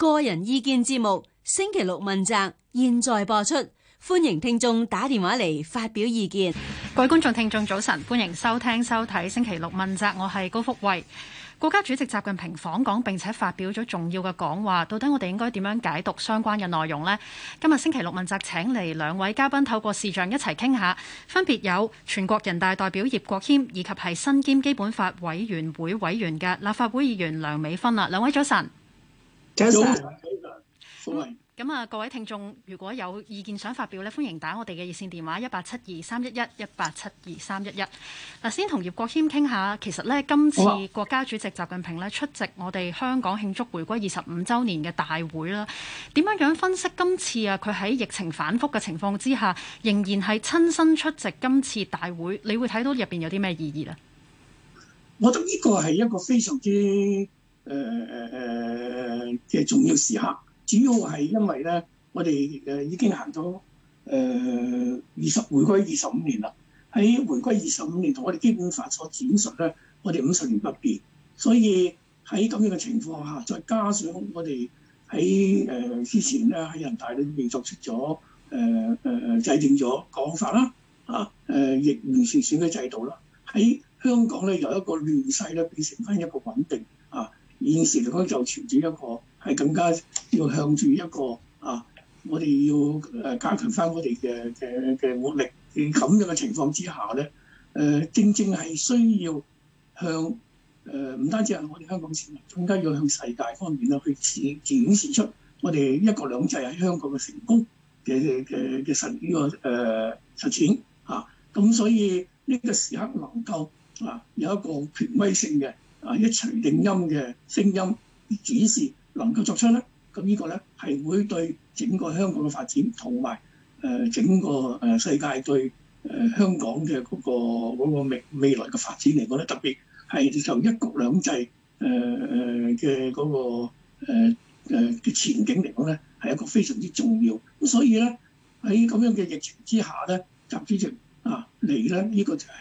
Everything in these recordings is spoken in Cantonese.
個人意見節目星期六問責，現在播出，歡迎聽眾打電話嚟發表意見。各位觀眾聽眾早晨，歡迎收聽收睇星期六問責，我係高福慧。國家主席習近平訪港並且發表咗重要嘅講話，到底我哋應該點樣解讀相關嘅內容呢？今日星期六問責，請嚟兩位嘉賓透過視像一齊傾下，分別有全國人大代表葉國謙以及係身兼基本法委員會委員嘅立法會議員梁美芬啦。兩位早晨。咁啊，各位聽眾，如果有意見想發表咧，歡迎打我哋嘅熱線電話一八七二三一一一八七二三一一。嗱，先同葉國謙傾下，其實咧今次國家主席習近平咧出席我哋香港慶祝回歸二十五周年嘅大會啦，點樣樣分析今次啊？佢喺疫情反復嘅情況之下，仍然係親身出席今次大會，你會睇到入邊有啲咩意義咧？我覺得呢個係一個非常之。誒誒誒嘅重要時刻，主要係因為咧，我哋誒已經行咗誒二十回歸二十五年啦。喺回歸二十五年同我哋基本法所展述咧，我哋五十年不變。所以喺咁樣嘅情況下，再加上我哋喺誒之前咧喺人大裏面作出咗誒誒制定咗國安法啦，嚇誒亦完善選舉制度啦，喺香港咧由一個亂世咧變成翻一個穩定，現時嚟講就存住一個係更加要向住一個啊，我哋要誒加強返我哋嘅嘅嘅活力。喺咁樣嘅情況之下咧，誒、呃、正正係需要向誒唔、呃、單止係我哋香港市民，更加要向世界方面咧去展展示出我哋一國兩制喺香港嘅成功嘅嘅嘅實呢個誒實踐嚇。咁、啊、所以呢個時刻能夠啊有一個權威性嘅。啊！一錘定音嘅聲音指示能夠作出咧，咁呢個咧係會對整個香港嘅發展同埋誒整個誒世界對誒香港嘅嗰個嗰個未未來嘅發展嚟講咧，特別係受一國兩制誒誒嘅嗰個誒嘅前景嚟講咧，係一個非常之重要的。咁所以咧喺咁樣嘅疫情之下咧，習主席啊嚟咧，呢個就係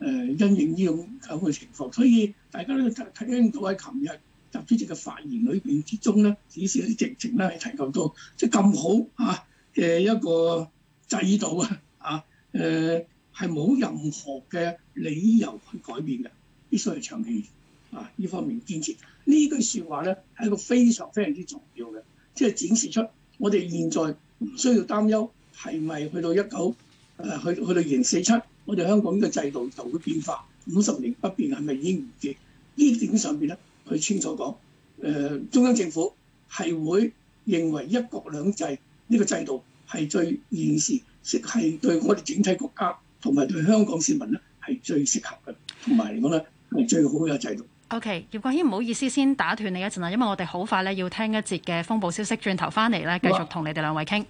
誒因應呢種咁嘅情況，所以。大家都睇睇到喺琴日習主席嘅發言裏邊之中咧，只是一直情咧係提及到即係咁好嚇誒一個制度啊，啊誒係冇任何嘅理由去改變嘅，必須係長期啊呢方面堅持。呢句説話咧係一個非常非常之重要嘅，即係展示出我哋現在唔需要擔憂係咪去到一九誒去去到二零四七，我哋香港呢個制度就會變化。五十年不變係咪已經唔記？呢點上邊咧，佢清楚講，誒、呃、中央政府係會認為一國兩制呢個制度係最現時，係對我哋整體國家同埋對香港市民咧係最適合嘅，同埋嚟講咧係最好嘅制度。O.K. 葉國謙，唔好意思，先打斷你一陣啊，因為我哋好快咧要聽一節嘅風暴消息，轉頭翻嚟咧繼續同你哋兩位傾。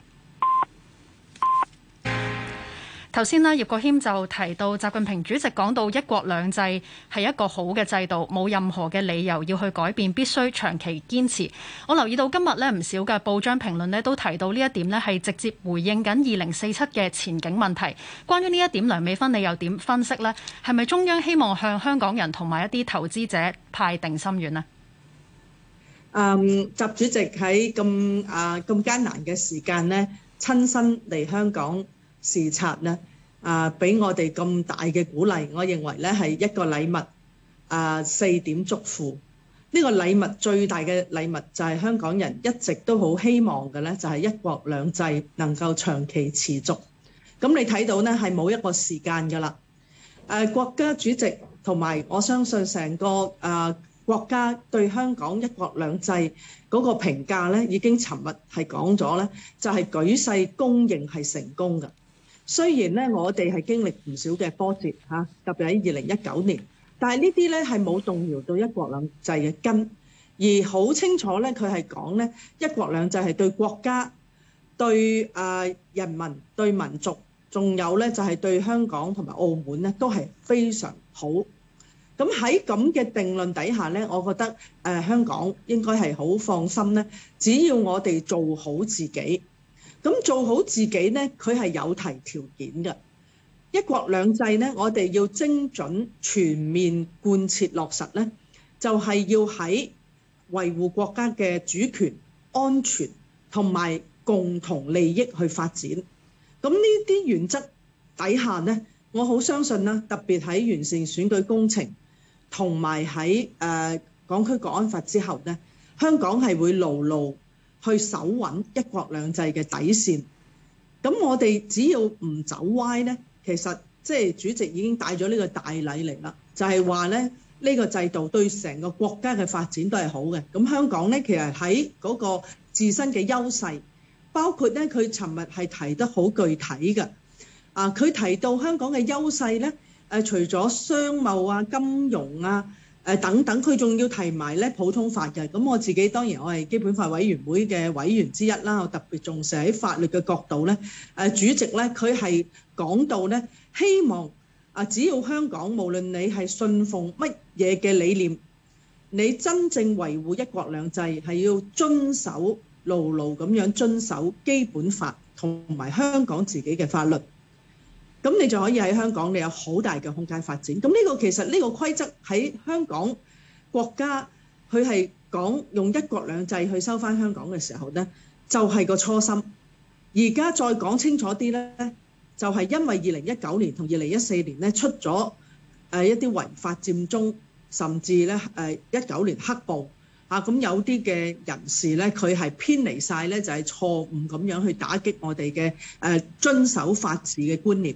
頭先咧，葉國謙就提到習近平主席講到一國兩制係一個好嘅制度，冇任何嘅理由要去改變，必須長期堅持。我留意到今日呢唔少嘅報章評論咧都提到呢一點呢係直接回應緊二零四七嘅前景問題。關於呢一點，梁美芬你又點分析呢？係咪中央希望向香港人同埋一啲投資者派定心丸呢？誒、嗯，習主席喺咁啊咁艱難嘅時間呢，親身嚟香港。視察呢啊，俾我哋咁大嘅鼓勵，我認為咧係一個禮物啊。四點祝福呢、呢個禮物最大嘅禮物就係香港人一直都好希望嘅咧，就係、是、一國兩制能夠長期持續。咁你睇到呢係冇一個時間噶啦、啊。國家主席同埋我相信成個誒、啊、國家對香港一國兩制嗰個評價咧已經尋日係講咗咧，就係、是、舉世公認係成功嘅。雖然咧，我哋係經歷唔少嘅波折嚇，特別喺二零一九年，但係呢啲咧係冇動搖到一國兩制嘅根，而好清楚咧，佢係講咧一國兩制係對國家、對啊人民、對民族，仲有咧就係對香港同埋澳門咧都係非常好。咁喺咁嘅定論底下咧，我覺得誒香港應該係好放心咧，只要我哋做好自己。咁做好自己呢，佢係有提條件嘅。一國兩制呢，我哋要精準全面貫徹落實呢就係要喺維護國家嘅主權、安全同埋共同利益去發展。咁呢啲原則底下呢，我好相信啦，特別喺完善選舉工程同埋喺誒港區國安法之後呢，香港係會牢牢去守穩一國兩制嘅底線，咁我哋只要唔走歪呢，其實即係主席已經帶咗呢個大禮嚟啦，就係話咧呢呢個制度對成個國家嘅發展都係好嘅。咁香港呢，其實喺嗰個自身嘅優勢，包括呢，佢尋日係提得好具體嘅，啊佢提到香港嘅優勢呢，誒除咗商貿啊、金融啊。誒等等，佢仲要提埋咧普通法嘅，咁我自己當然我係基本法委員會嘅委員之一啦，我特別重視喺法律嘅角度咧。誒主席咧，佢係講到咧，希望啊只要香港，無論你係信奉乜嘢嘅理念，你真正維護一國兩制係要遵守，牢牢咁樣遵守基本法同埋香港自己嘅法律。咁你就可以喺香港，你有好大嘅空間發展。咁呢個其實呢個規則喺香港國家，佢係講用一國兩制去收翻香港嘅時候咧，就係個初心。而家再講清楚啲咧，就係因為二零一九年同二零一四年咧出咗誒一啲違法佔中，甚至咧誒一九年黑暴啊，咁有啲嘅人士咧，佢係偏離曬咧，就係錯誤咁樣去打擊我哋嘅誒遵守法治嘅觀念。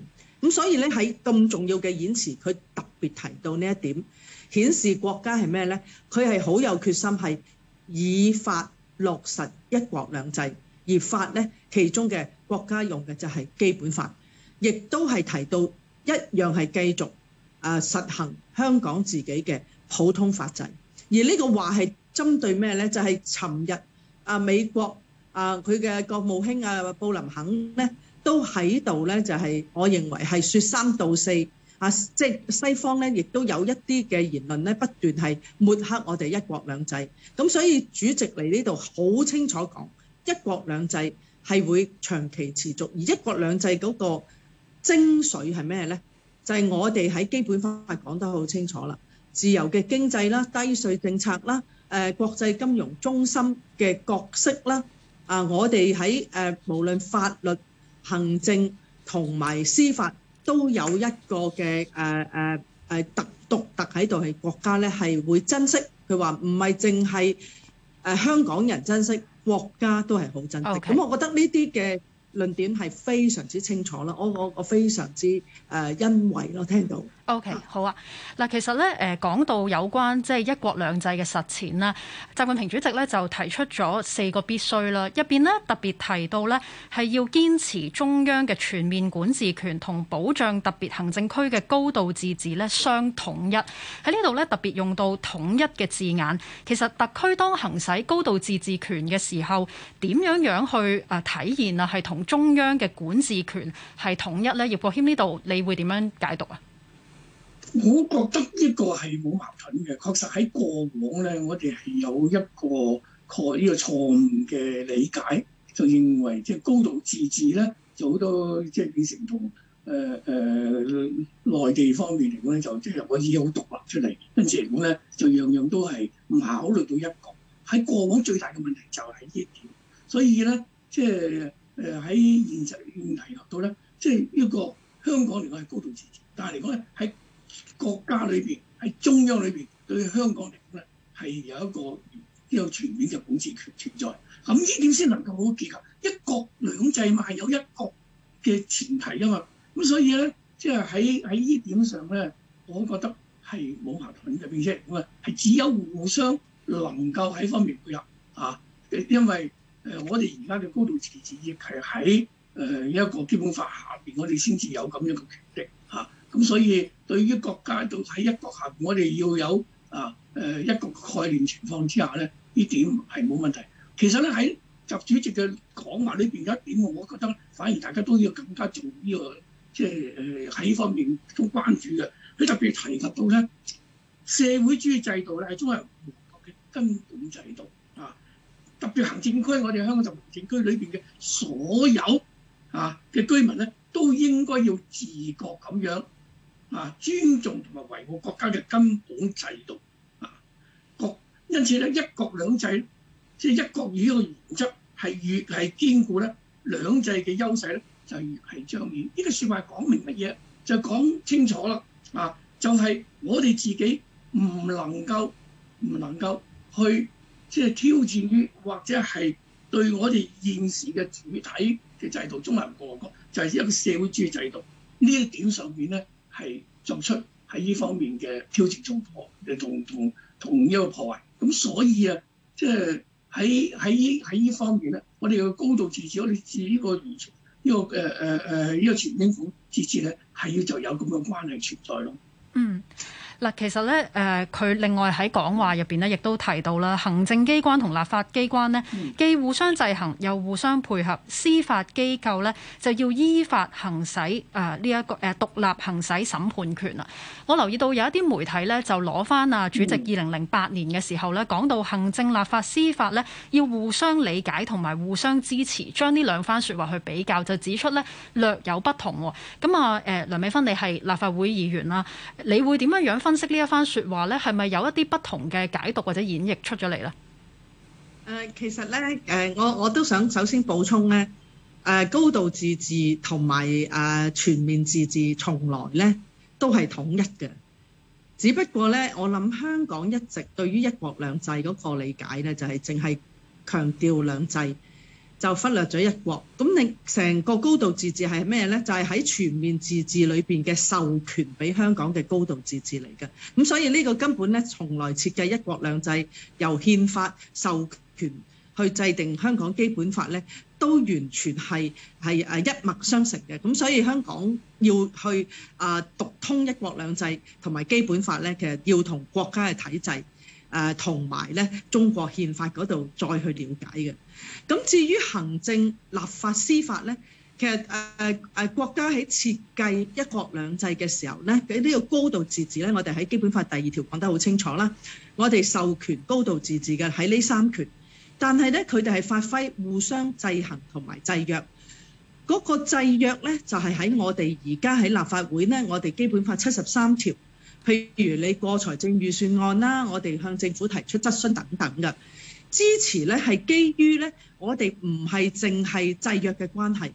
咁所以咧喺咁重要嘅演辭，佢特別提到呢一點，顯示國家係咩呢？佢係好有決心，係以法落實一國兩制。而法呢，其中嘅國家用嘅就係基本法，亦都係提到一樣係繼續啊實行香港自己嘅普通法制。而呢個話係針對咩呢？就係尋日啊美國啊佢嘅國務卿啊布林肯咧。都喺度呢，就係我認為係説三道四啊！即係西方呢，亦都有一啲嘅言論呢，不斷係抹黑我哋一國兩制。咁所以主席嚟呢度好清楚講，一國兩制係會長期持續。而一國兩制嗰個精髓係咩呢？就係我哋喺基本法講得好清楚啦，自由嘅經濟啦、低稅政策啦、誒國際金融中心嘅角色啦啊！我哋喺誒無論法律，行政同埋司法都有一個嘅誒誒誒獨獨特喺度，係國家咧係會珍惜。佢話唔係淨係誒香港人珍惜，國家都係好珍惜。咁、okay. 我覺得呢啲嘅論點係非常之清楚啦。我我我非常之誒、呃、欣慰咯，聽到。O.K. 好啊。嗱，其實咧，誒講到有關即係一國兩制嘅實踐咧，習近平主席咧就提出咗四個必須啦。入邊呢，特別提到咧係要堅持中央嘅全面管治權同保障特別行政區嘅高度自治咧相統一。喺呢度咧特別用到統一嘅字眼。其實特區當行使高度自治權嘅時候，點樣樣去啊體現啊係同中央嘅管治權係統一咧？葉國謙呢度，你會點樣解讀啊？我覺得呢個係冇矛盾嘅，確實喺過往咧，我哋係有一個確呢個錯誤嘅理解，就認為即係高度自治咧，就好多即係變成同誒誒內地方面嚟講咧，就即係可以好獨立出嚟，跟住嚟講咧，就樣樣都係唔考慮到。一個喺過往最大嘅問題就係呢一點，所以咧，即係誒喺現實現泥合到咧，即係一個香港嚟講係高度自治，但係嚟講咧喺國家裏邊喺中央裏邊對香港嚟講咧，係有一個有一個全面嘅管治權存在。咁呢點先能夠好結合一國兩制，咪有一國嘅前提啊嘛。咁所以咧，即係喺喺呢點上咧，我覺得係冇矛盾嘅，並且唔係係只有互相能夠喺方面配合啊。因為誒，我哋而家嘅高度自治亦係喺誒一個基本法下邊，我哋先至有咁樣嘅權力嚇。咁所以對於國家到度喺一國下，我哋要有啊誒、呃、一個概念情況之下咧，呢點係冇問題。其實咧喺習主席嘅講話裏邊有一點，我覺得反而大家都要更加做呢、這個即係誒喺呢方面都關注嘅。佢特別提及到咧，社會主義制度咧係中華人民共和國嘅根本制度啊。特別行政區，我哋香港特別行政區裏邊嘅所有啊嘅居民咧，都應該要自覺咁樣。啊！尊重同埋維護國家嘅根本制度啊，國因此咧一國兩制，即係一國與呢個原則係越係堅固咧，兩制嘅優勢咧就越係彰顯。呢個説話講明乜嘢？就講清楚啦！啊，就係我哋自己唔能夠唔能夠去即係挑戰於或者係對我哋現時嘅主體嘅制度，中華人民共和國就係一個社會主義制度呢一點上面咧。係作出喺呢方面嘅挑戰，中破，誒同同同一個破壞。咁所以啊，即係喺喺喺呢方面咧，我哋要高度自治。我哋對呢個傳呢、呢個誒誒誒呢個傳自治咧，係要就有咁嘅關係存在咯。嗯。嗱，其實咧，誒、呃，佢另外喺講話入邊咧，亦都提到啦，行政機關同立法機關呢既互相制衡，又互相配合，司法機構呢就要依法行使誒呢一個誒獨立行使審判權啦。我留意到有一啲媒體呢就攞翻啊，主席二零零八年嘅時候呢講到行政、立法、司法呢要互相理解同埋互相支持，將呢兩番說話去比較，就指出呢略有不同咁、哦、啊、嗯呃，梁美芬，你係立法會議員啦，你會點樣樣？分析呢一番説話呢係咪有一啲不同嘅解讀或者演繹出咗嚟呢？其實呢，誒，我我都想首先補充呢，誒，高度自治同埋誒全面自治，從來呢都係統一嘅。只不過呢，我諗香港一直對於一國兩制嗰個理解呢，就係淨係強調兩制。就忽略咗一國，咁你成個高度自治係咩呢？就係、是、喺全面自治裏邊嘅授權俾香港嘅高度自治嚟嘅。咁所以呢個根本呢，從來設計一國兩制，由憲法授權去制定香港基本法呢，都完全係係誒一脈相承嘅。咁所以香港要去啊讀通一國兩制同埋基本法呢，其實要同國家嘅體制，誒同埋咧，中國憲法嗰度再去了解嘅。咁至於行政、立法、司法呢，其實誒誒誒，國家喺設計一國兩制嘅時候呢，喺呢個高度自治呢，我哋喺基本法第二條講得好清楚啦。我哋授權高度自治嘅喺呢三權，但係呢，佢哋係發揮互相制衡同埋制約。嗰個制約呢，就係喺我哋而家喺立法會呢，我哋基本法七十三條。譬如你過財政預算案啦，我哋向政府提出質詢等等嘅支持呢，係基於呢，我哋唔係淨係制約嘅關係。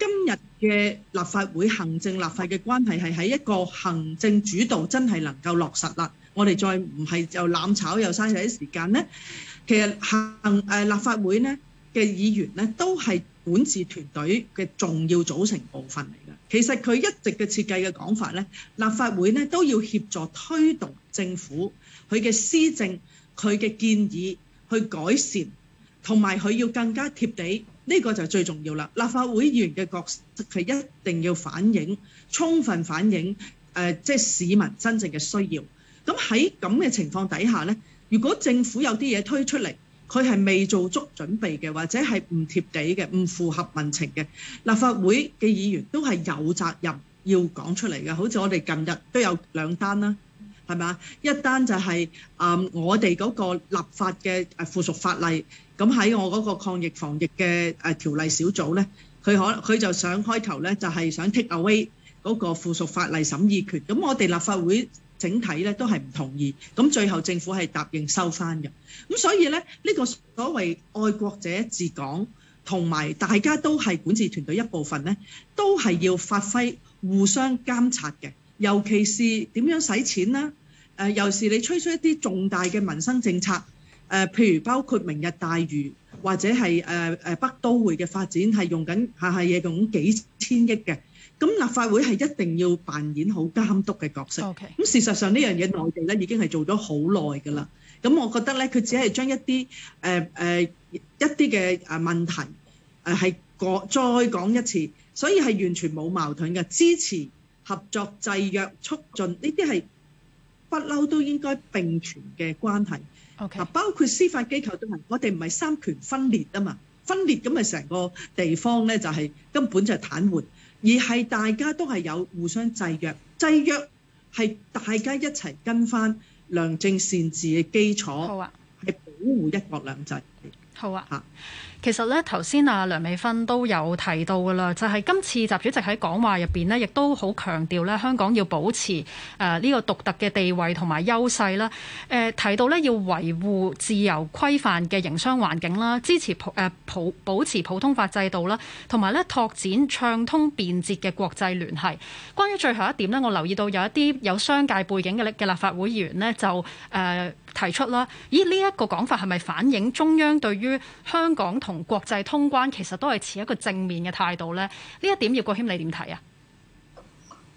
今日嘅立法會行政立法嘅關係係喺一個行政主導，真係能夠落實啦。我哋再唔係又攬炒又嘥曬啲時間呢，其實行誒立法會呢嘅議員呢都係管治團隊嘅重要組成部分嚟㗎。其實佢一直嘅設計嘅講法呢，立法會呢都要協助推動政府佢嘅施政，佢嘅建議去改善，同埋佢要更加貼地。呢個就係最重要啦。立法會議員嘅角色係一定要反映、充分反映誒，即係市民真正嘅需要。咁喺咁嘅情況底下呢，如果政府有啲嘢推出嚟，佢係未做足準備嘅，或者係唔貼地嘅，唔符合民情嘅。立法會嘅議員都係有責任要講出嚟嘅。好似我哋近日都有兩單啦，係咪啊？一單就係、是、啊、嗯，我哋嗰個立法嘅附屬法例，咁喺我嗰個抗疫防疫嘅誒條例小組呢，佢可佢就想開頭呢，就係、是、想 take away 嗰個附屬法例審議權，咁我哋立法會。整體咧都係唔同意，咁最後政府係答應收翻嘅，咁所以咧呢個所謂愛國者治港，同埋大家都係管治團隊一部分呢都係要發揮互相監察嘅，尤其是點樣使錢啦，誒、呃，又是你推出一啲重大嘅民生政策，誒、呃，譬如包括明日大嶼或者係誒誒北都會嘅發展，係用緊下下嘢用幾千億嘅。咁立法會係一定要扮演好監督嘅角色。咁、okay。事實上呢樣嘢內地咧已經係做咗好耐㗎啦。咁我覺得咧，佢只係將一啲誒誒一啲嘅誒問題誒係講再講一次，所以係完全冇矛盾嘅。支持合作、制約、促進呢啲係不嬲都應該並存嘅關係。Okay。包括司法機構都係，我哋唔係三權分裂啊嘛，分裂咁咪成個地方咧就係、是、根本就係癱瘓。而係大家都係有互相制約，制約係大家一齊跟翻良政善治嘅基礎，係、啊、保護一國兩制。好啊。吓。其實咧，頭先阿梁美芬都有提到噶啦，就係、是、今次習主席喺講話入邊呢，亦都好強調咧，香港要保持誒呢、呃這個獨特嘅地位同埋優勢啦。誒、呃、提到咧，要維護自由規範嘅營商環境啦，支持普誒普、呃、保，保持普通法制度啦，同埋咧拓展暢通便捷嘅國際聯繫。關於最後一點呢，我留意到有一啲有商界背景嘅立嘅立法會議員咧，就誒、呃、提出啦。咦？呢、這、一個講法係咪反映中央對於香港同？同國際通關其實都係持一個正面嘅態度咧，呢一點葉國謙你點睇啊？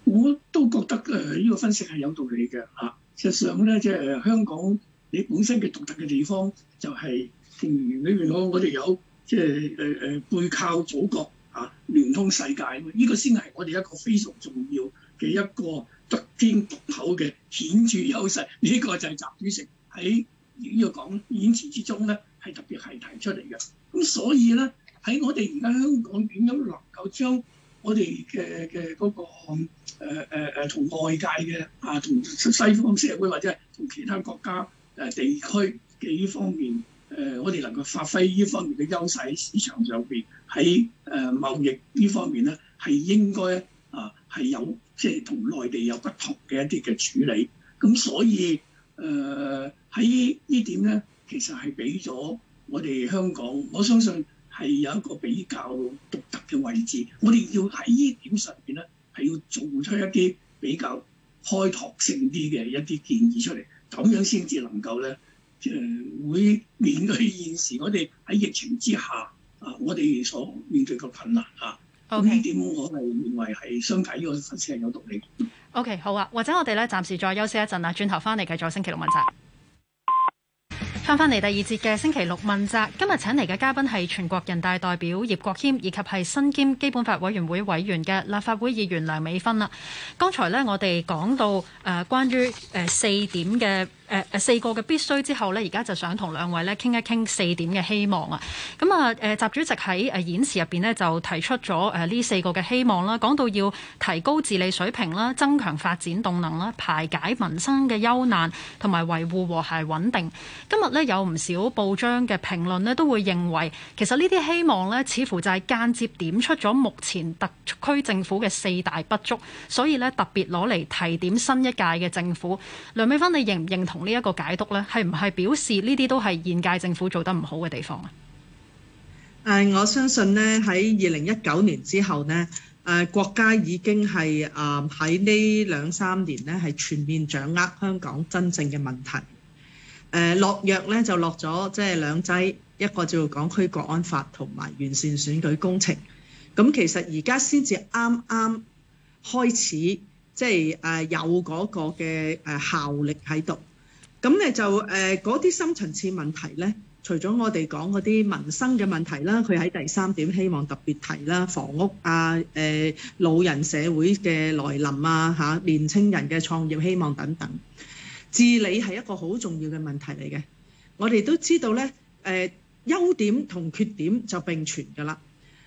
我都覺得誒呢個分析係有道理嘅嚇。事、啊、實上咧，即、就、係、是、香港，你本身嘅獨特嘅地方就係如裏面我我哋有即係誒誒背靠祖國嚇、啊，聯通世界啊嘛。呢、這個先係我哋一個非常重要嘅一個得天獨厚嘅顯著優勢。呢、這個就係習主席喺呢個講演辭之中咧，係特別係提出嚟嘅。咁所以咧，喺我哋而家香港點樣能夠將我哋嘅嘅嗰個誒誒誒同外界嘅啊，同西方社會或者係同其他國家誒、啊、地區嘅呢方面，誒、呃、我哋能夠發揮呢方面嘅優勢喺市場上邊，喺誒貿易呢方面咧，係應該啊係有即係同內地有不同嘅一啲嘅處理。咁所以誒喺、呃、呢點咧，其實係俾咗。我哋香港，我相信係有一個比較獨特嘅位置。我哋要喺呢點上面咧，係要做出一啲比較開拓性啲嘅一啲建議出嚟，咁樣先至能夠咧，即、呃、係會面對現時我哋喺疫情之下啊，我哋所面對嘅困難嚇。呢、okay. 點我係認為係相釋呢個分析係有道理。OK，好啊，或者我哋咧暫時再休息一陣啦，轉頭翻嚟繼續星期六問責。翻返嚟第二節嘅星期六問責，今日請嚟嘅嘉賓係全國人大代表葉國謙，以及係身兼基本法委員會委員嘅立法會議員梁美芬喇。剛才呢，我哋講到誒、呃、關於、呃、四點嘅。誒誒四個嘅必須之後呢，而家就想同兩位咧傾一傾四點嘅希望啊！咁啊誒，習主席喺誒演辭入邊呢，就提出咗誒呢四個嘅希望啦，講到要提高治理水平啦，增強發展動能啦，排解民生嘅憂難同埋維護和諧穩定。今日呢，有唔少報章嘅評論呢，都會認為，其實呢啲希望呢，似乎就係間接點出咗目前特區政府嘅四大不足，所以呢，特別攞嚟提點新一屆嘅政府。梁美芬，你認唔認同？呢一個解讀咧，係唔係表示呢啲都係現屆政府做得唔好嘅地方啊？誒，我相信呢，喺二零一九年之後呢，誒國家已經係啊喺呢兩三年呢，係全面掌握香港真正嘅問題。誒落藥呢，就落咗，即係兩劑，一個叫港區國安法同埋完善選舉工程。咁其實而家先至啱啱開始，即係誒有嗰個嘅誒效力喺度。咁咧就誒嗰啲深層次問題咧，除咗我哋講嗰啲民生嘅問題啦，佢喺第三點希望特別提啦，房屋啊、誒老人社會嘅來臨啊、嚇年青人嘅創業希望等等，治理係一個好重要嘅問題嚟嘅。我哋都知道咧，誒優點同缺點就並存噶啦。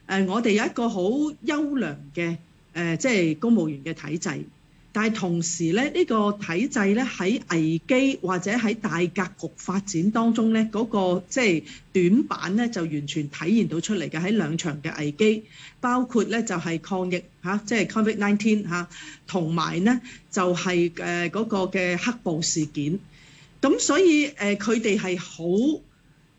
誒我哋有一個好優良嘅誒，即係公務員嘅體制。但係同時咧，呢、這個體制咧喺危機或者喺大格局發展當中咧，嗰、那個即係、就是、短板咧，就完全體現到出嚟嘅喺兩場嘅危機，包括咧就係、是、抗疫嚇，即係 COVID-19 嚇，同埋咧就係誒嗰個嘅黑暴事件。咁所以誒，佢哋係好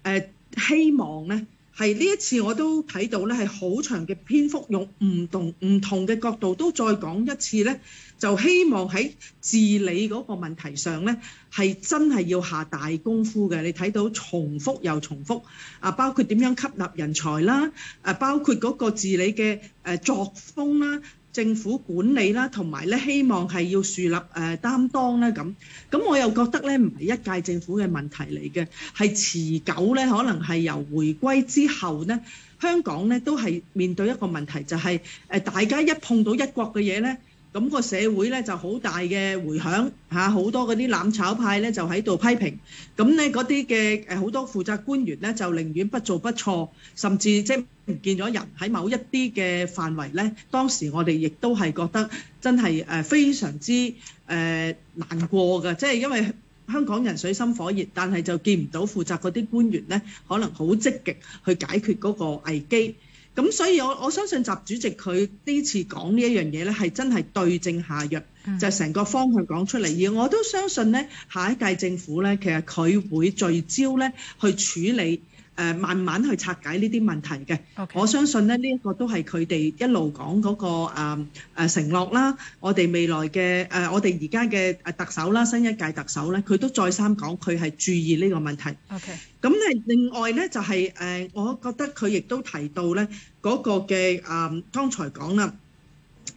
誒希望咧，係呢一次我都睇到咧係好長嘅篇幅，用唔同唔同嘅角度都再講一次咧。就希望喺治理嗰個問題上咧，係真係要下大功夫嘅。你睇到重複又重複啊，包括點樣吸納人才啦，啊，包括嗰個治理嘅誒作風啦、政府管理啦，同埋咧希望係要樹立誒呃、擔當啦，咁。咁我又覺得咧唔係一屆政府嘅問題嚟嘅，係持久咧，可能係由回歸之後咧，香港咧都係面對一個問題，就係、是、誒大家一碰到一國嘅嘢咧。咁個社會咧就好大嘅迴響，好多嗰啲攬炒派咧就喺度批評，咁咧嗰啲嘅好多負責官員咧就寧願不做不錯，甚至即係唔見咗人喺某一啲嘅範圍咧。當時我哋亦都係覺得真係非常之誒難過㗎，即係因為香港人水深火熱，但係就見唔到負責嗰啲官員咧，可能好積極去解決嗰個危機。咁所以，我我相信習主席佢呢次講呢一樣嘢咧，係真係對症下藥，就成個方向講出嚟。而我都相信咧，下一屆政府咧，其實佢會聚焦咧去處理誒，慢慢去拆解呢啲問題嘅。我相信咧，呢一個都係佢哋一路講嗰個誒誒承諾啦。我哋未來嘅誒，我哋而家嘅誒特首啦，新一屆特首咧，佢都再三講佢係注意呢個問題。OK。咁咧，另外咧就係誒，我覺得佢亦都提到咧。嗰、那個嘅誒、嗯，剛才講啦，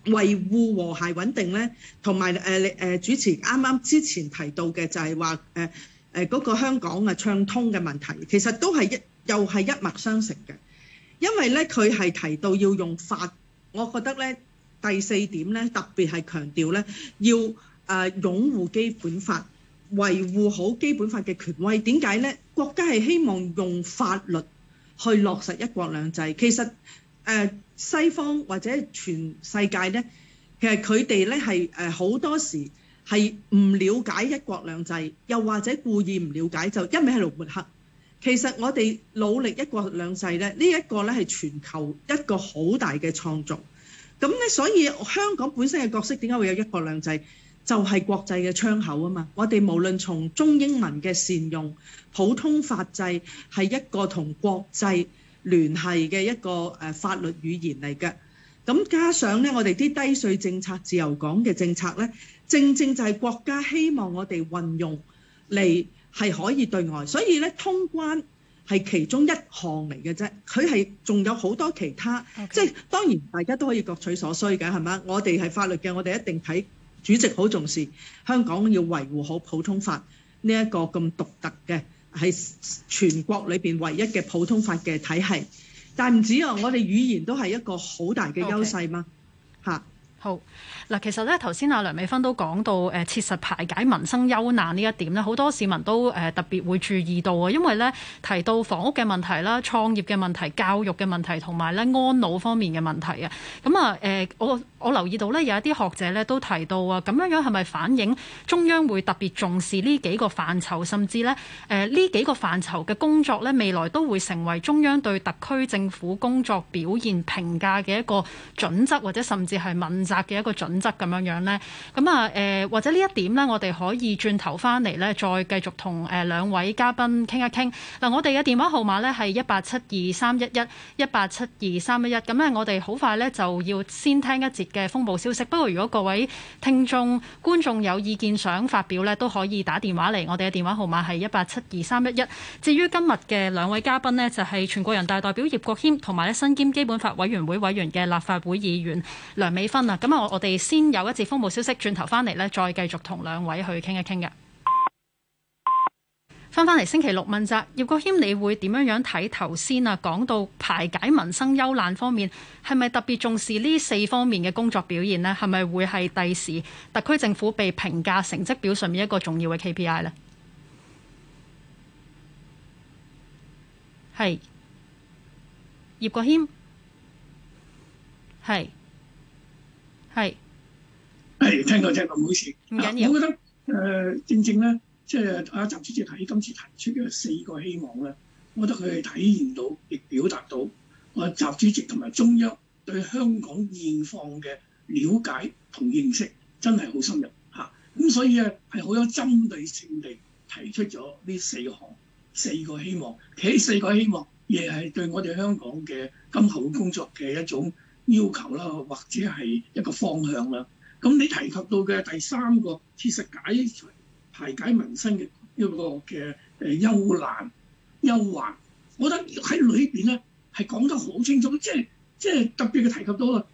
維護和諧穩定呢，同埋你主持啱啱之前提到嘅就係話嗰個香港嘅暢通嘅問題，其實都係一又係一脈相承嘅，因為呢，佢係提到要用法，我覺得呢，第四點呢，特別係強調呢，要誒、呃、擁護基本法，維護好基本法嘅權威。點解呢？國家係希望用法律。去落實一國兩制，其實、呃、西方或者全世界呢，其實佢哋呢係好多時係唔了解一國兩制，又或者故意唔了解就一味喺度抹黑。其實我哋努力一國兩制呢，這個、呢一個呢係全球一個好大嘅創造。咁呢，所以香港本身嘅角色點解會有一國兩制？就係國際嘅窗口啊嘛，我哋無論從中英文嘅善用普通法制，係一個同國際聯繫嘅一個誒法律語言嚟嘅。咁加上呢，我哋啲低稅政策、自由港嘅政策呢，正正就係國家希望我哋運用嚟係可以對外，所以呢，通關係其中一項嚟嘅啫。佢係仲有好多其他，okay. 即係當然大家都可以各取所需嘅，係嘛？我哋係法律嘅，我哋一定睇。主席好重視香港要維護好普通法呢一個咁獨特嘅，係全國裏邊唯一嘅普通法嘅體系。但唔止啊，我哋語言都係一個好大嘅優勢嘛。嚇、okay.，好嗱，其實咧頭先阿梁美芬都講到誒，切實排解民生憂難呢一點咧，好多市民都誒特別會注意到啊，因為咧提到房屋嘅問題啦、創業嘅問題、教育嘅問題同埋咧安老方面嘅問題啊，咁啊誒我。我留意到呢，有一啲學者呢都提到啊，咁樣樣係咪反映中央會特別重視呢幾個範疇，甚至呢，誒、呃、呢幾個範疇嘅工作呢，未來都會成為中央對特區政府工作表現評價嘅一個準則，或者甚至係問責嘅一個準則，咁樣樣呢，咁啊誒或者呢一點呢，我哋可以轉頭翻嚟呢，再繼續同誒兩位嘉賓傾一傾。嗱、呃，我哋嘅電話號碼呢，係一八七二三一一，一八七二三一一，咁咧我哋好快呢，就要先聽一節。嘅風暴消息。不過，如果各位聽眾、觀眾有意見想發表呢，都可以打電話嚟。我哋嘅電話號碼係一八七二三一一。至於今日嘅兩位嘉賓呢，就係全國人大代表葉國謙，同埋咧身兼基本法委員會委員嘅立法會議員梁美芬。咁啊，我我哋先有一節風暴消息，轉頭翻嚟呢，再繼續同兩位去傾一傾嘅。翻返嚟星期六問責，葉國謙，你會點樣樣睇頭先啊？講到排解民生憂難方面，係咪特別重視呢四方面嘅工作表現呢？係咪會係第時特區政府被評價成績表上面一個重要嘅 KPI 咧？係。葉國謙，係，係，係，聽過聽過，唔好意思，唔緊要。我覺得誒、呃，正正咧。即係阿習主席睇今次提出嘅四個希望咧，我覺得佢係體現到，亦表達到，我習主席同埋中央對香港現況嘅了解同認識真係好深入吓，咁、啊、所以啊，係好有針對性地提出咗呢四項四個希望。其實四個希望亦係對我哋香港嘅今後工作嘅一種要求啦，或者係一個方向啦。咁你提及到嘅第三個切實解除，排解民生嘅一個嘅誒憂難憂患，我覺得喺裏邊咧係講得好清楚，即係即係特別嘅提及到咯。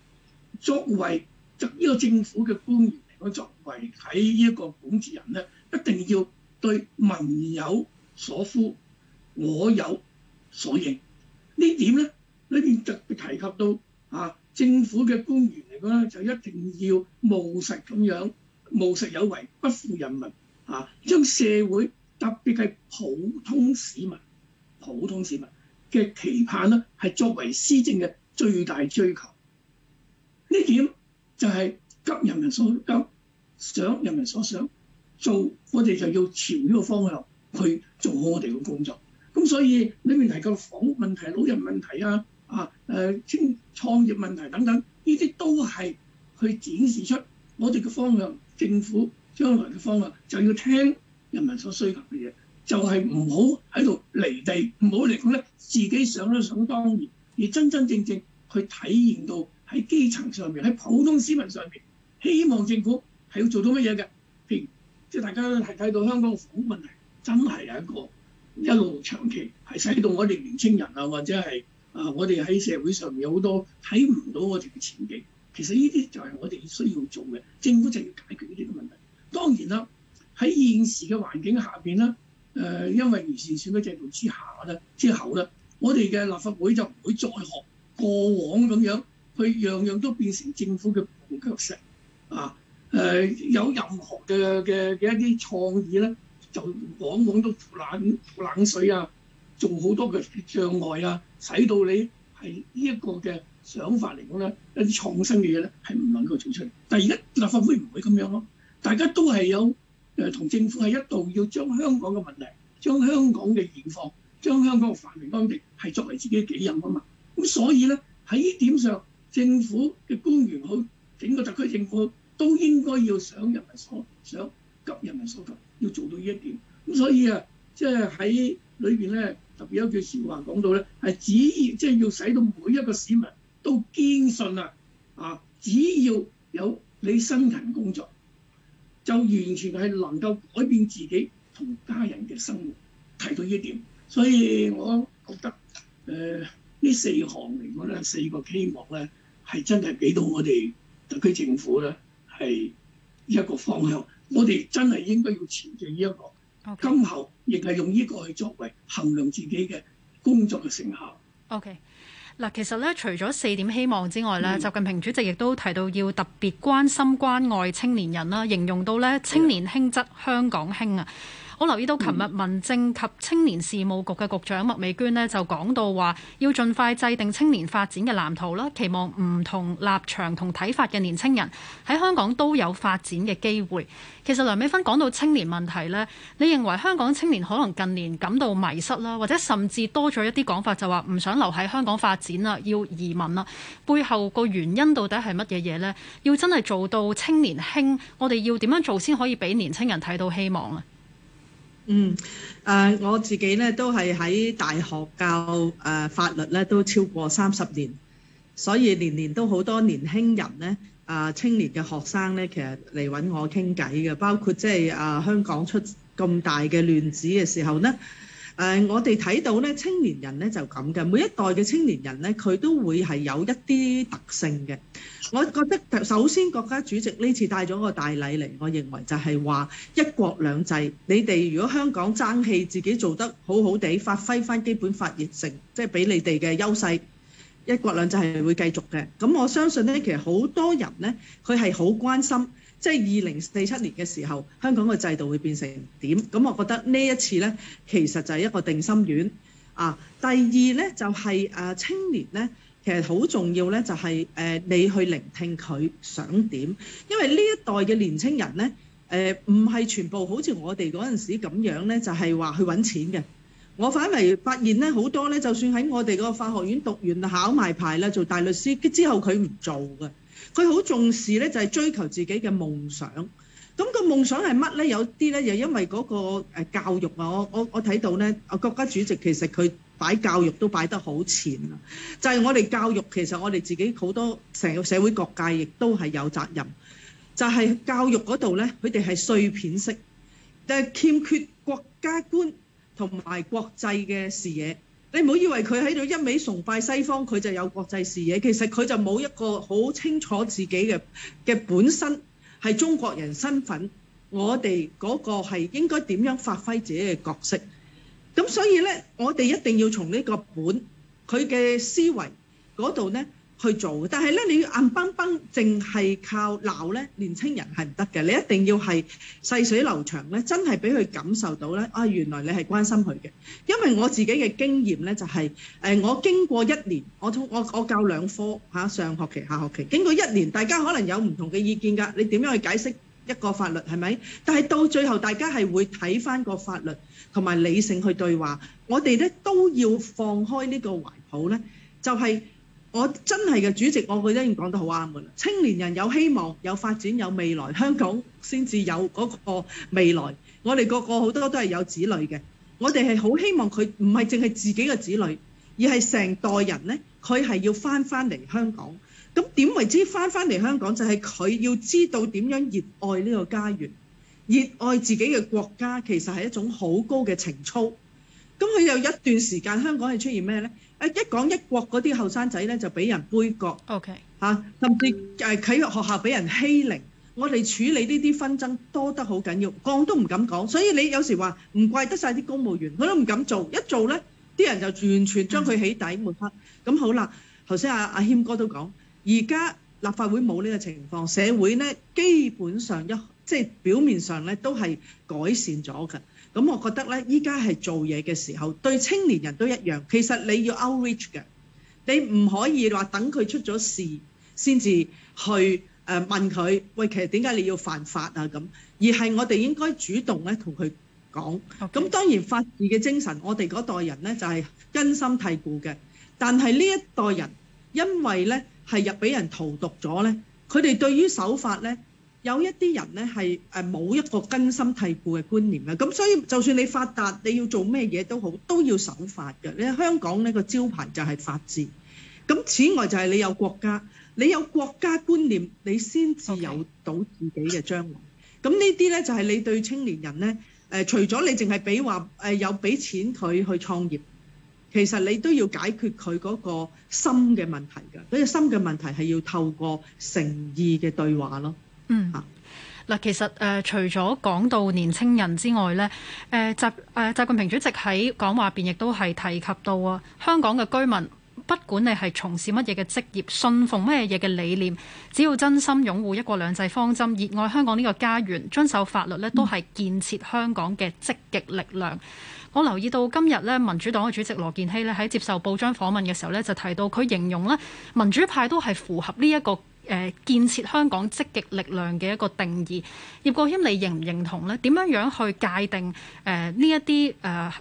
作為呢個政府嘅官員嚟講，作為喺呢一個管治人咧，一定要對民有所呼，我有所應。呢點咧裏邊特別提及到啊，政府嘅官員嚟講咧，就一定要務實咁樣，務實有為，不負人民。啊！將社會特別係普通市民、普通市民嘅期盼咧，係作為施政嘅最大追求。呢點就係急人民所急，想人民所想做，做我哋就要朝呢個方向去做好我哋嘅工作。咁所以裏面提及房屋問題、老人問題啊、啊誒、創業問題等等，呢啲都係去展示出我哋嘅方向，政府。將來嘅方案就要聽人民所需求嘅嘢，就係唔好喺度離地，唔好嚟講咧自己想都想當然，而真真正正去體現到喺基層上面，喺普通市民上面，希望政府係要做到乜嘢嘅？譬如即係大家係睇到香港嘅房屋問題，真係有一個一路長期係使到我哋年青人啊，或者係啊，我哋喺社會上面有好多睇唔到我哋嘅前景。其實呢啲就係我哋需要做嘅，政府就要解決呢啲嘅問題。當然啦，喺現時嘅環境下邊咧，誒、呃，因為完善選舉制度之下咧，之後咧，我哋嘅立法會就唔會再學過往咁樣，佢樣樣都變成政府嘅絆腳石啊。誒、呃，有任何嘅嘅嘅一啲創意咧，就往往都潑冷，冷水啊，做好多嘅障礙啊，使到你係呢一個嘅想法嚟講咧，一啲創新嘅嘢咧，係唔能夠做出嚟。但係而家立法會唔會咁樣咯、啊。大家都係有誒，同政府係一度要將香港嘅問題、將香港嘅現況、將香港嘅繁榮安定係作為自己嘅己任啊嘛。咁所以咧，喺呢在這點上，政府嘅官員好，整個特區政府都應該要想人民所想，急人民所急，要做到呢一點。咁所以啊，即係喺裏邊咧，特別有一句説話講到咧，係只要即係要使到每一個市民都堅信啊啊，只要有你辛勤工作。就完全係能夠改變自己同家人嘅生活。提到呢點，所以我覺得誒呢、呃、四項嚟講咧，四個期望咧係真係俾到我哋特區政府咧係一個方向，我哋真係應該要前進呢一個，今後亦係用呢個去作為衡量自己嘅工作嘅成效。O K。嗱，其實咧，除咗四點希望之外咧，習近平主席亦都提到要特別關心關愛青年人啦，形容到咧青年興則、嗯、香港興啊。我留意到，琴日民政及青年事務局嘅局長麥美娟呢就講到話，要盡快制定青年發展嘅藍圖啦。期望唔同立場同睇法嘅年青人喺香港都有發展嘅機會。其實梁美芬講到青年問題呢，你認為香港青年可能近年感到迷失啦，或者甚至多咗一啲講法，就話唔想留喺香港發展啊，要移民啦。背後個原因到底係乜嘢嘢呢？要真係做到青年興，我哋要點樣做先可以俾年青人睇到希望啊。嗯，誒、呃、我自己咧都係喺大學教誒、呃、法律咧，都超過三十年，所以年年都好多年輕人咧，啊、呃、青年嘅學生咧，其實嚟揾我傾偈嘅，包括即係啊香港出咁大嘅亂子嘅時候咧。誒、uh,，我哋睇到咧，青年人咧就咁嘅，每一代嘅青年人咧，佢都會係有一啲特性嘅。我覺得首先國家主席呢次帶咗個大禮嚟，我認為就係話一國兩制，你哋如果香港爭氣，自己做得好好地，發揮翻基本法熱誠，即係俾你哋嘅優勢，一國兩制係會繼續嘅。咁我相信呢，其實好多人呢，佢係好關心。即係二零四七年嘅時候，香港個制度會變成點？咁我覺得呢一次呢，其實就係一個定心丸啊。第二呢，就係誒青年呢，其實好重要呢，就係誒你去聆聽佢想點，因為呢一代嘅年青人呢，誒唔係全部好似我哋嗰陣時咁樣呢，就係話去揾錢嘅。我反為發現呢，好多呢，就算喺我哋個法學院讀完考埋牌啦，做大律師，之後佢唔做嘅。佢好重視呢就係、是、追求自己嘅夢想。咁、那個夢想係乜呢？有啲呢，又因為嗰個教育啊，我我我睇到呢啊，國家主席其實佢擺教育都擺得好前啊，就係、是、我哋教育，其實我哋自己好多成個社會各界亦都係有責任，就係、是、教育嗰度呢，佢哋係碎片式，但係欠缺國家觀同埋國際嘅視野。你唔好以為佢喺度一味崇拜西方，佢就有國際視野。其實佢就冇一個好清楚自己嘅嘅本身係中國人身份，我哋嗰個係應該點樣發揮自己嘅角色。咁所以呢，我哋一定要從呢個本佢嘅思維嗰度呢，去做，但係咧，你要硬邦邦淨係靠鬧咧，年青人係唔得嘅。你一定要係細水長流咧，真係俾佢感受到咧啊！原來你係關心佢嘅。因為我自己嘅經驗咧，就係誒，我經過一年，我通我我教兩科嚇，上學期、下學期經過一年，大家可能有唔同嘅意見㗎。你點樣去解釋一個法律係咪？但係到最後，大家係會睇翻個法律同埋理性去對話。我哋咧都要放開呢個懷抱咧，就係。我真係嘅主席，我覺得已經講得好啱嘅。青年人有希望、有發展、有未來，香港先至有嗰個未來。我哋個個好多都係有子女嘅，我哋係好希望佢唔係淨係自己嘅子女，而係成代人呢。佢係要翻翻嚟香港。咁點為之翻翻嚟香港？就係佢要知道點樣熱愛呢個家園，熱愛自己嘅國家，其實係一種好高嘅情操。咁佢有一段時間，香港係出現咩呢？一講一國嗰啲後生仔呢，就俾人杯葛，嚇、okay.，甚至誒體育學校俾人欺凌。我哋處理呢啲紛爭多得好緊要，講都唔敢講。所以你有時話唔怪得晒啲公務員，佢都唔敢做，一做呢啲人就完全將佢起底抹黑。咁、嗯、好啦，頭先阿阿謙哥都講，而家立法會冇呢個情況，社會呢，基本上一。即係表面上咧都係改善咗㗎，咁我覺得咧依家係做嘢嘅時候，對青年人都一樣。其實你要 outreach 嘅，你唔可以話等佢出咗事先至去誒問佢，喂，其實點解你要犯法啊？咁而係我哋應該主動咧同佢講。咁當然法治嘅精神，我哋嗰代人咧就係根深蒂固嘅，但係呢一代人因為咧係入俾人荼毒咗咧，佢哋對於守法咧。有一啲人呢，係誒冇一個根深蒂固嘅觀念嘅，咁所以就算你發達，你要做咩嘢都好，都要守法嘅。你香港呢個招牌就係法治。咁此外就係你有國家，你有國家觀念，你先至有到自己嘅將來。咁呢啲呢，就係、係、你對青年人呢，誒、呃，除咗你淨係俾話誒有俾錢佢去創業，其實你都要解決佢嗰個心嘅問題㗎。嗰、嗰個心嘅問題係要透過誠意嘅對話咯。嗯，嗱，其實誒、呃，除咗講到年青人之外咧，誒、呃、習誒、呃、習近平主席喺講話入邊亦都係提及到啊，香港嘅居民，不管你係從事乜嘢嘅職業，信奉乜嘢嘅理念，只要真心擁護一國兩制方針，熱愛香港呢個家園，遵守法律咧，都係建設香港嘅積極力量、嗯。我留意到今日咧，民主黨嘅主席羅健熙咧喺接受報章訪問嘅時候咧，就提到佢形容咧，民主派都係符合呢、這、一個，誒建設香港積極力量嘅一個定義，葉國謙你認唔認同咧？點樣樣去界定誒呢一啲誒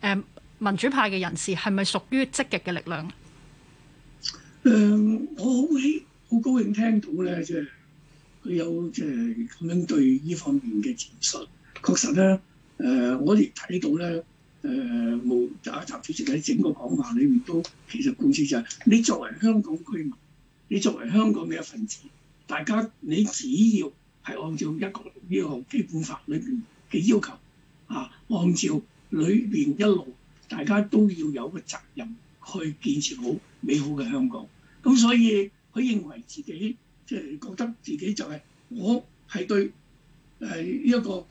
誒民主派嘅人士係咪屬於積極嘅力量？誒，我好喜好高興聽到咧，即係佢有即係咁樣對呢方面嘅諮詢。確實咧，誒我哋睇到咧，誒無阿習主席喺整個講話裏面都其實貫徹就係你作為香港居民。你作為香港嘅一份子，大家你只要係按照一個呢個基本法裏面嘅要求啊，按照裏面一路，大家都要有個責任去建設好美好嘅香港。咁所以佢認為自己即係、就是、覺得自己就係、是、我係對誒呢一個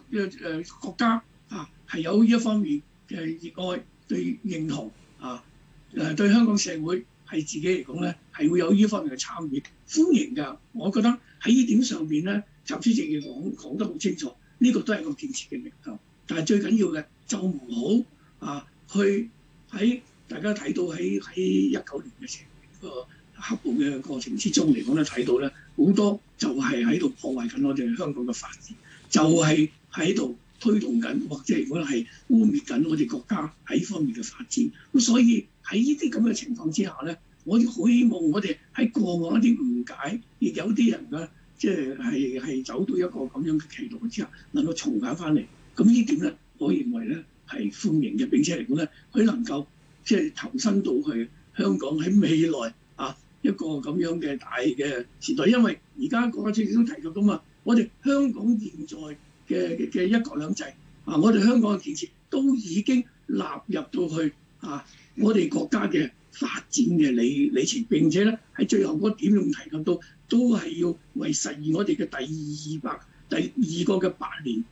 國家啊係有呢一方面嘅熱愛對認同啊對香港社會。係自己嚟講咧，係會有呢方面嘅參與，歡迎㗎。我覺得喺呢點上邊咧，習主席亦講講得好清楚，呢、這個都係個建設嘅名頭。但係最緊要嘅，就唔好啊，去喺大家睇到喺喺一九年嘅成個黑暴嘅過程之中嚟講咧，睇到咧好多就係喺度破壞緊我哋香港嘅發展，就係喺度。推動緊或者如果係污蔑緊我哋國家喺方面嘅發展，咁所以喺呢啲咁嘅情況之下咧，我好希望我哋喺過往一啲誤解，亦有啲人嘅即係係係走到一個咁樣嘅歧路之下，能夠重返翻嚟。咁呢點咧，我認為咧係歡迎嘅，並且嚟講咧，佢能夠即係投身到去香港喺未來啊一個咁樣嘅大嘅時代，因為而家國家主席都提過咁啊，我哋香港現在。嘅嘅一國兩制的啊！我哋香港嘅建設都已經納入到去啊！我哋國家嘅發展嘅理理程，並且咧喺最後嗰點樣提及到，都係要為實現我哋嘅第二百第二個嘅百年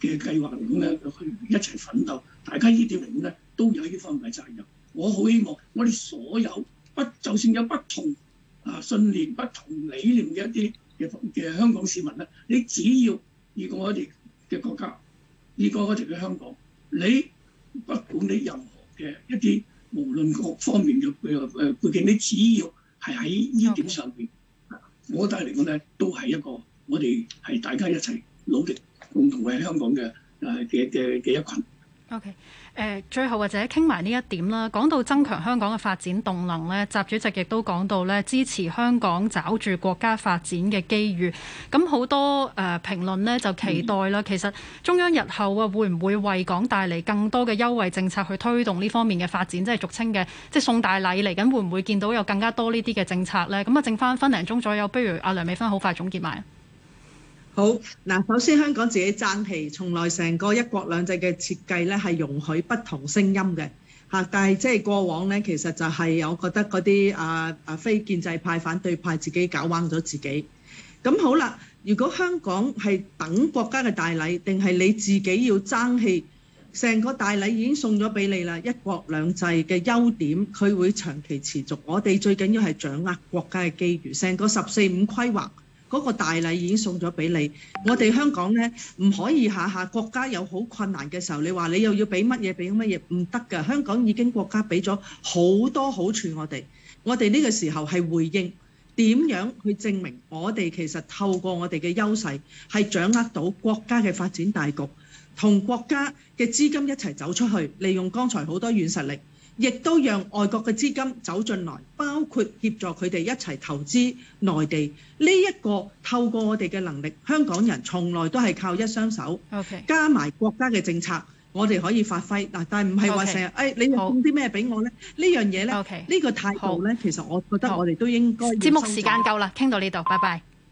嘅計劃嚟裏面去一齊奮鬥，大家這點呢啲嘢咧都有啲分為責任。我好希望我哋所有不就算有不同啊信念、不同理念嘅一啲嘅嘅香港市民咧，你只要呢個我哋嘅國家，呢個我哋嘅香港，你不管你任何嘅一啲，無論各方面嘅嘅誒背景，畢竟你只要係喺呢點上邊，我覺得嚟講咧，都係一個我哋係大家一齊努力共同為香港嘅誒嘅嘅嘅一群。O K。誒最後或者傾埋呢一點啦。講到增強香港嘅發展動能呢，習主席亦都講到呢，支持香港抓住國家發展嘅機遇。咁好多誒評論呢，就期待啦、嗯。其實中央日後啊，會唔會為港帶嚟更多嘅優惠政策去推動呢方面嘅發展？即係俗稱嘅即係送大禮嚟緊，會唔會見到有更加多呢啲嘅政策呢？咁啊，剩翻分零鐘左右，不如阿梁美芬好快總結埋。好嗱，首先香港自己爭氣，從來成個一國兩制嘅設計呢係容許不同聲音嘅嚇，但係即係過往呢，其實就係我覺得嗰啲啊啊非建制派、反對派自己搞彎咗自己。咁好啦，如果香港係等國家嘅大禮，定係你自己要爭氣？成個大禮已經送咗俾你啦，一國兩制嘅優點，佢會長期持續。我哋最緊要係掌握國家嘅機遇，成個十四五規劃。嗰個大禮已經送咗俾你，我哋香港呢，唔可以下下國家有好困難嘅時候，你話你又要俾乜嘢俾乜嘢唔得㗎。香港已經國家俾咗好多好處我哋，我哋呢個時候係回應點樣去證明我哋其實透過我哋嘅優勢係掌握到國家嘅發展大局，同國家嘅資金一齊走出去，利用剛才好多軟實力。亦都讓外國嘅資金走進來，包括協助佢哋一齊投資內地。呢、這、一個透過我哋嘅能力，香港人從來都係靠一雙手，okay。加埋國家嘅政策，okay。我哋可以發揮嗱。但係唔係話成日誒，你又講啲咩俾我呢？呢樣嘢呢，呢、okay。個態度呢好，其實我覺得我哋都應該節目時間夠啦，傾到呢度，拜拜。